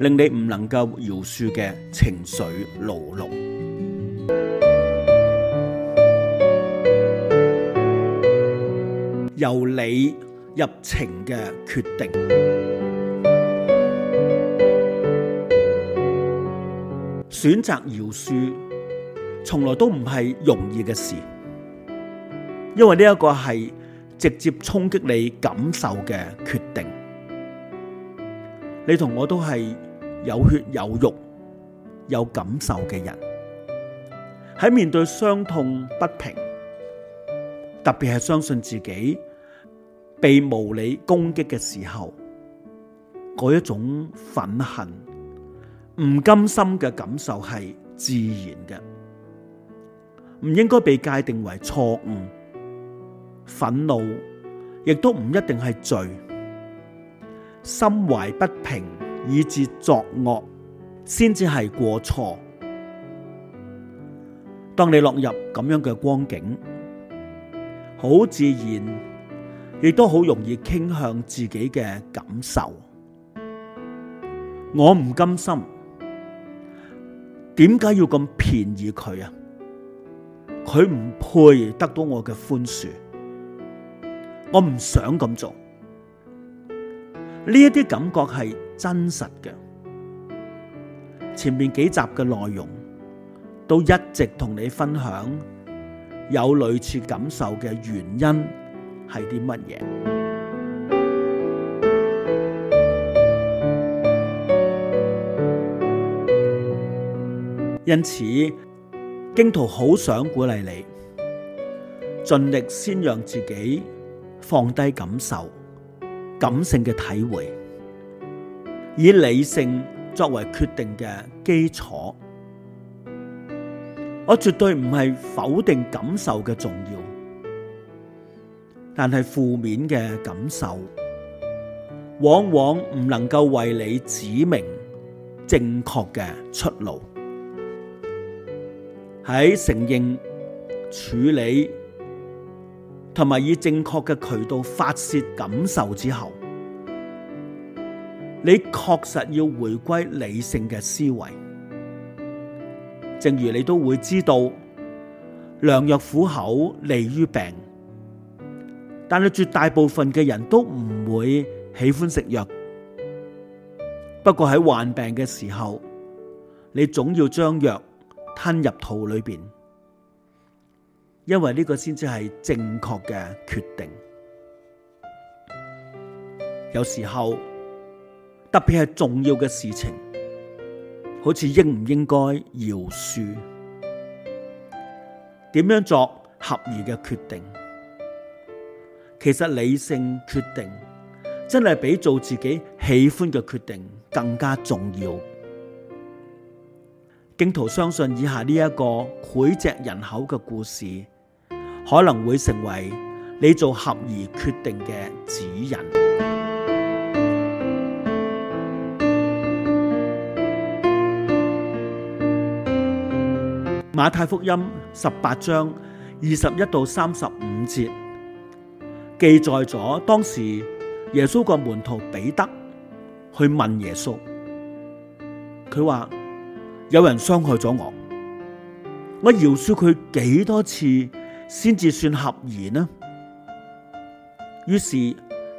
令你唔能夠饒恕嘅情緒牢籠。由理入情嘅決定，選擇饒恕從來都唔係容易嘅事，因為呢一個係直接衝擊你感受嘅決定，你同我都係。有血有肉、有感受嘅人，喺面對傷痛不平，特別係相信自己被無理攻擊嘅時候，嗰一種憤恨、唔甘心嘅感受係自然嘅，唔應該被界定為錯誤。憤怒亦都唔一定係罪，心懷不平。以致作惡，先至係過錯。當你落入咁樣嘅光景，好自然，亦都好容易傾向自己嘅感受。我唔甘心，點解要咁便宜佢啊？佢唔配得到我嘅寬恕，我唔想咁做。呢一啲感覺係。真實嘅，前面幾集嘅內容都一直同你分享，有類似感受嘅原因係啲乜嘢？因此，荊徒好想鼓勵你，盡力先讓自己放低感受、感性嘅體會。以理性作為決定嘅基礎，我絕對唔係否定感受嘅重要，但係負面嘅感受往往唔能夠為你指明正確嘅出路。喺承認、處理同埋以，以正確嘅渠道發洩感受之後。你確實要回歸理性嘅思維，正如你都會知道，良藥苦口利於病，但係絕大部分嘅人都唔會喜歡食藥。不過喺患病嘅時候，你總要將藥吞入肚裏邊，因為呢個先至係正確嘅決定。有時候。特別係重要嘅事情，好似應唔應該饒恕，點樣作合宜嘅決定，其實理性決定真係比做自己喜歡嘅決定更加重要。荊徒相信以下呢一個膾炙人口嘅故事，可能會成為你做合宜決定嘅指引。馬太福音十八章二十一到三十五節記載咗當時耶穌個門徒彼得去問耶穌，佢話有人傷害咗我，我饒恕佢幾多次先至算合宜呢？於是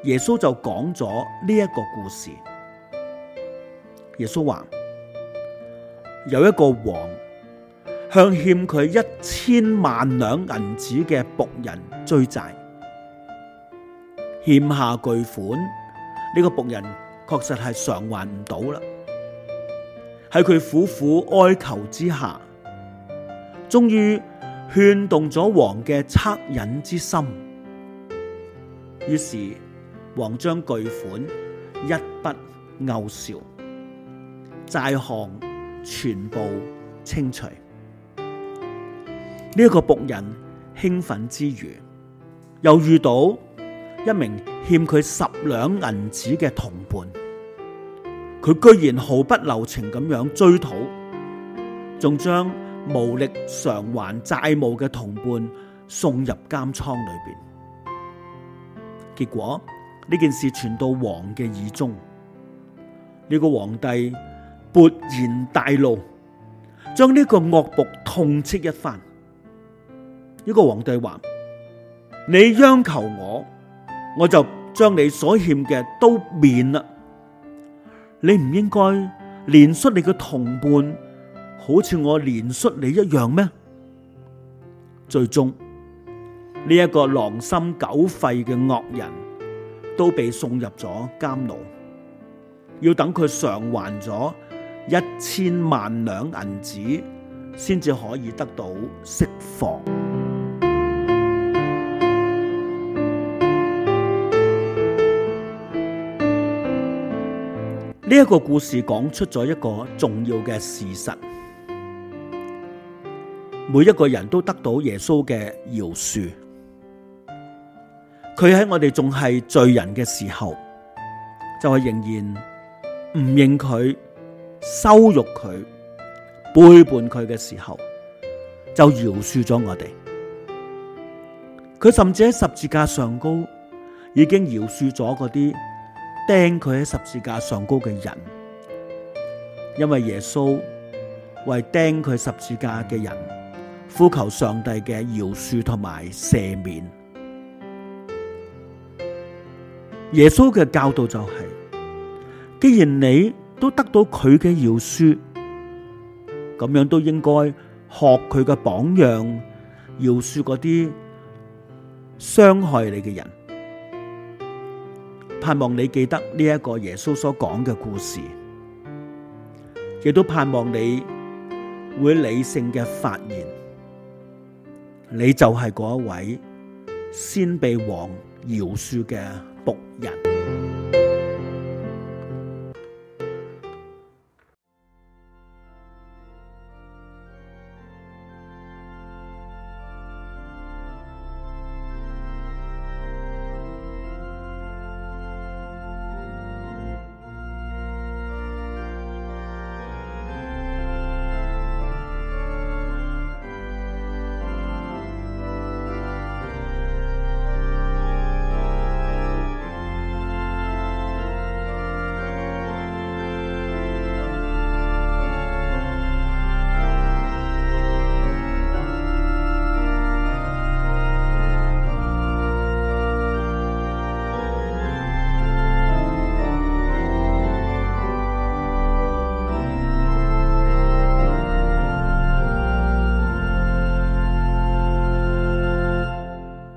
耶穌就講咗呢一個故事。耶穌話有一個王。向欠佢一千萬兩銀子嘅僕人追債，欠下巨款，呢、這個僕人確實係償還唔到啦。喺佢苦苦哀求之下，終於勸動咗王嘅惻隱之心，於是王將巨款一筆勾銷，債項全部清除。呢一個僕人興奮之餘，又遇到一名欠佢十兩銀子嘅同伴，佢居然毫不留情咁樣追討，仲將無力償還債務嘅同伴送入監倉裏邊。結果呢件事傳到王嘅耳中，呢個皇帝勃然大怒，將呢個惡僕痛斥一番。呢個皇帝話：你央求我，我就將你所欠嘅都免啦。你唔應該憐恤你嘅同伴，好似我憐恤你一樣咩？最終呢一個狼心狗肺嘅惡人都被送入咗監牢，要等佢償還咗一千萬兩銀紙，先至可以得到釋放。呢一個故事講出咗一個重要嘅事實，每一個人都得到耶穌嘅饒恕。佢喺我哋仲係罪人嘅時候，就係仍然唔認佢、羞辱佢、背叛佢嘅時候，就饒恕咗我哋。佢甚至喺十字架上高已經饒恕咗嗰啲，釘佢喺十字架上高嘅人，因為耶穌為釘佢十字架嘅人，呼求上帝嘅饒恕同埋赦免。耶穌嘅教導就係：既然你都得到佢嘅饒恕，咁樣都應該學佢嘅榜樣，饒恕嗰啲傷害你嘅人。盼望你記得呢一個耶穌所講嘅故事，亦都盼望你會理性嘅發言，你就係嗰一位先被王饒恕嘅僕人。